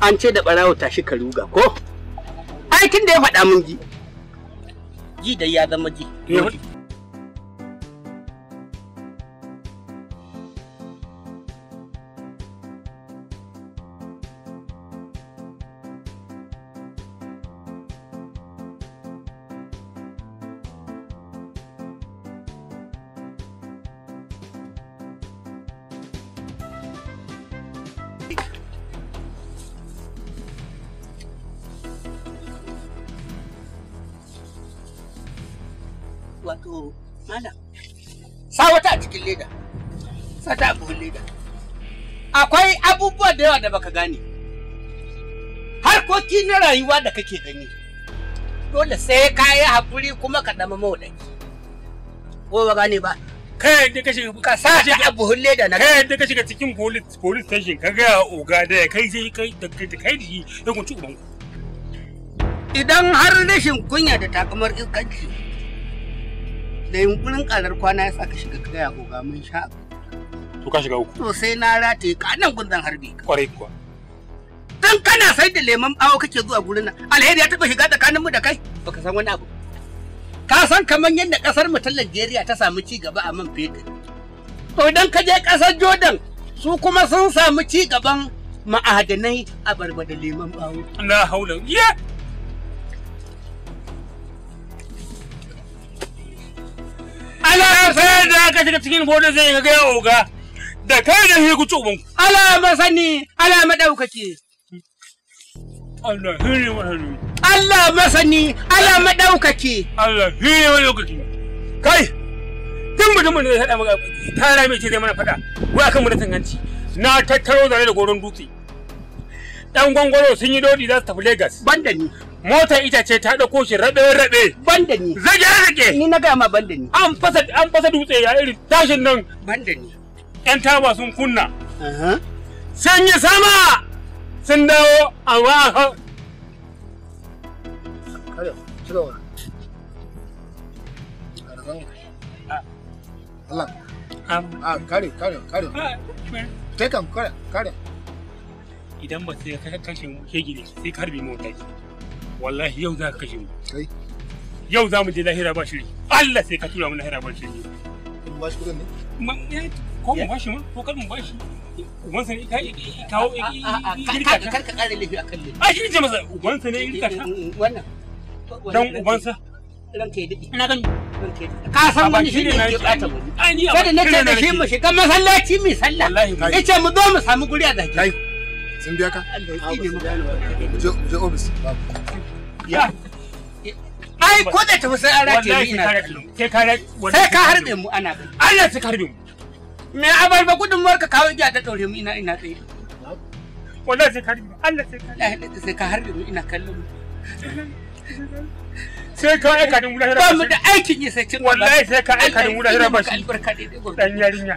an ce da ɓarawo tashi ka ruga ko? Ai da ya faɗa mun ji. Ji da ya zama ji. malam. cikin leda. Sa ta leda. Akwai abubuwa da yawa da baka gane. Harkoki na rayuwa da kake gani. Dole sai ka yi haƙuri kuma ka dama mawadaki. Ko ba gane ba. ka shiga ka sa ta buhun leda na. Kai ka shiga cikin police station ka oga da kai sai kai da kai da shi ya kunci Idan har rashin kunya da takamar iskanci da yunkurin karar kwana ya sa ka shiga kaya goga mun sha to ka shiga uku to sai na rataye ka nan gundan harbi kwarai kuwa dan kana sai da lemon bawo kake zuwa gurin nan alheri ya taba shiga tsakanin mu da kai baka san wani abu ka san kamar yadda kasar mu ta Najeriya ta samu ci gaba a man fetur to idan ka je kasar Jordan su kuma sun samu ci gaban ma'adanai a barba da lemon bawo la haula yeah ranar da aka shiga cikin bodin zai ga ya oga da kai da shi ku tsubun ala masani ala madaukake Allah hiri masani Allah masani ala madaukake Allah hiri madaukake kai tun mutumin da ya hada maka tara mai ce zai mana fada wa kan mu da tanganci na tattaro zare da goron dutse dan gwangwaro sun yi dodi za su tafi Lagos banda ni Mota ita ce ta dauko shi rabe-rabe. Banda ni. Zage-zage. Ni na gama banda ni. An fasa an fasa dutse ya iri tashin nan. Banda ni. Yan taba sun kunna. Sun yi sama. Sun dawo amma Allah. Ah, kare, kare, kare. Ah. Kai kam kare, kare. Idan ba sai ka kashe shege ne sai ka harbe mota. wallahi yau za ka kashe mu kai yau za mu je lahira ba shiri Allah sai ka tura mu lahira ba shiri mun ba shi kudin ne eh, ko mu ba shi ma ko kar mu ba shi uban sai ka kawo girka kar ka kare lafi akan lafi a shi ce masa uban sai ne girka ka eh, eh, wannan dan uban sa ranka ya dade ina gani ka san wani shi ne ke bata mu kada na ce da shi mu shiga masallaci mi sallah yace mu zo mu samu guri a zaki sun biya ka Allah ya ne mu je office ya ai ko da tafi sai an rataye ni ina sai sai ka harbe mu ana kai Allah sai ka mu me abarba gudunmuwar ka kawo giya ta daure mu ina ina tsaye wallahi sai ka harbe mu Allah sai ka mu sai ka harbe mu ina kallon mu sai ka aika da mu ba mu da aikin yi sai cin wallahi sai ka aika da mu dan yarinya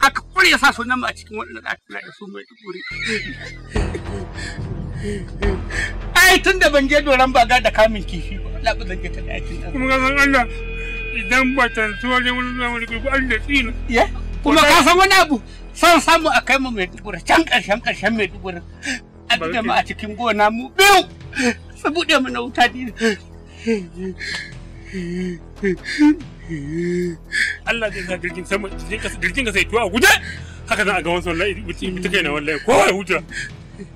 aka kware sa sunan mu a cikin da aka kula da su mai tukuri. ai tun da ban je doron ga da kamin kifi ba Allah ba zan je ta dakin nan kuma ga san Allah idan ba ta so ne wani na wani gugu Allah tsina ya kuma ka san wani abu san samu a kai mu mai tukuri can karshen karshen mai tukuri. a da mu a cikin gona mu biyu su bude mu na wuta dina Allah zai sa jirgin sama jirgin ka sai tuwa guje haka zan a ga wasu wallahi mutum kai na wallahi ko ya huta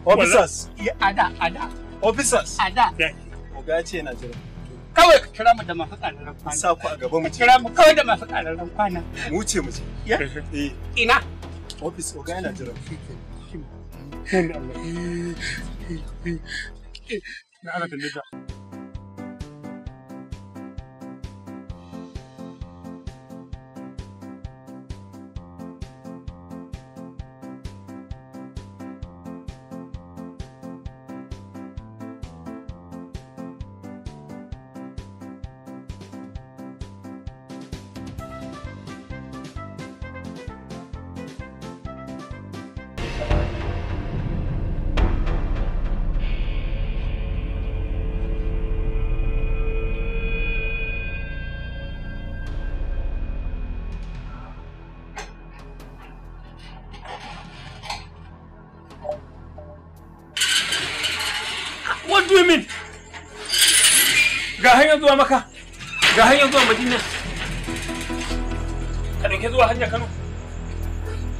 officers ya ada ada officers ada oga ce na jira kawai ka kira mu da masu ƙararren kwana sa ku a gaba mu kira mu kawai da masu ƙararren kwana mu wuce mu ce eh ina office oga yana jira na ana tambaye hanyar zuwa maka ga hanyar zuwa madina ka ɗauke zuwa hanyar kano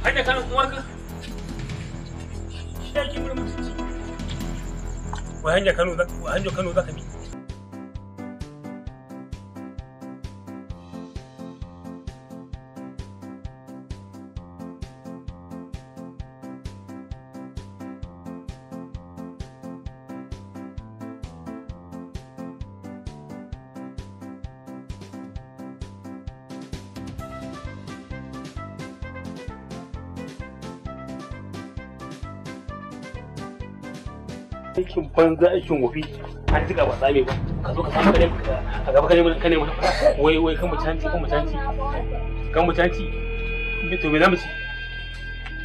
hanyar kano uwarka shi ya ke birnin wa hanyar kano za ka bi aikin banza aikin wofi, an jiga ba tsame ba ka zo ka samu kane a gaba kane mun kane mun wai wai kan mutanci kan mutanci kan mutanci bi to me zamu ci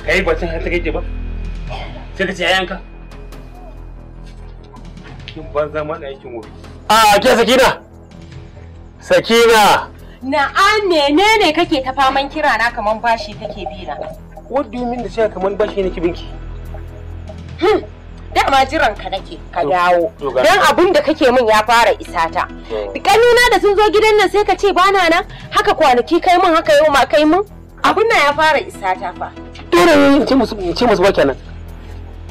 kai ba cin har ta kake ba sai ka ci yayanka kin banza mana aikin wafi a ke sakina sakina na'am menene kake ta faman kira na kaman bashi take bina what do you mean da cewa kaman bashi nake binki hmm dama jiran ka nake ka dawo don abin da kake min ya fara isa ta kanina da sun zo gidan nan sai ka ce bana nan haka kwanaki kai min haka yau ma kai min abin nan ya fara isa ta fa dole ne ce musu ce musu ba kenan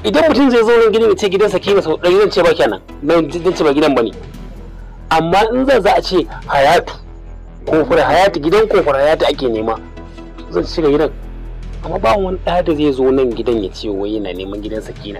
idan mutum zai zo gidan ce gidansa kima sau dan zan ce ba kenan ban zan ce ba gidan bane amma in zan za a ce hayatu kofar hayatu gidan kofar hayatu ake nema zan shiga gidan amma ba wani da zai zo nan gidan ya ce wai yana neman gidan sakina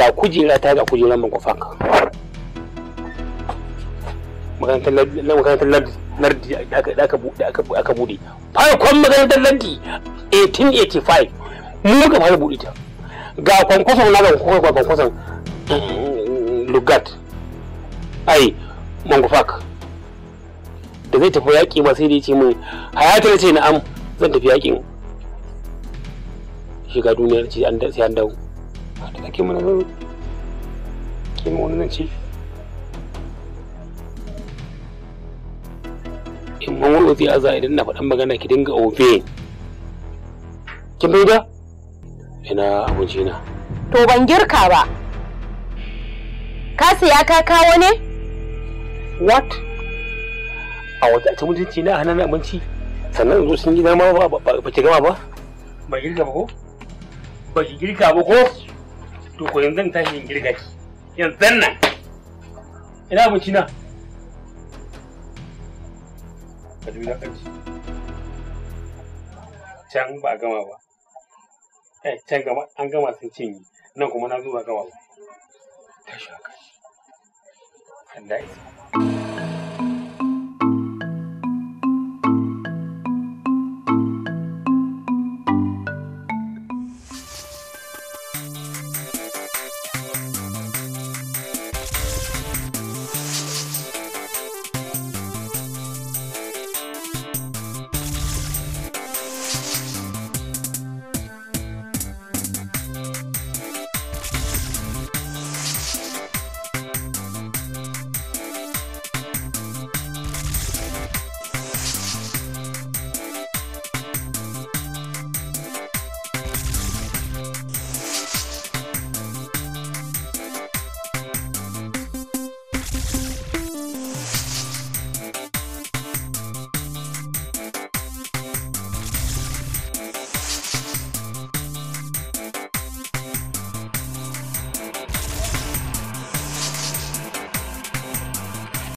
ga kujera ta ga kujeran makwafan makarantar lardi aka bude farkon makarantar lardi 1885 mu ka fara bude ta ga kwankwason na ga kwankwason mm, lugat ai mangufak da zai tafi yaƙi ma sai da ya ce min hayatar ce am zan tafi yaƙin shiga duniyar ce sai an dawo ba da ke mana zan ke ma wani zance in man wani zai aza idan na faɗan magana ki dinga ofe Kin bai da ina abinci na to ban girka ba ka siya ka kawo ne what a wata ta mutunci na hannun abinci sannan zo sun gida ma ba ba ba ba ba ba ba ba ba ba girka ba ko? to ko yanzu ta tashi in girga ki yanzu nan ina abinci na ka ji kanci can ba a gama ba eh can gama an gama sun cinye nan kuma na zo ba gama ba tashi haka kan da isa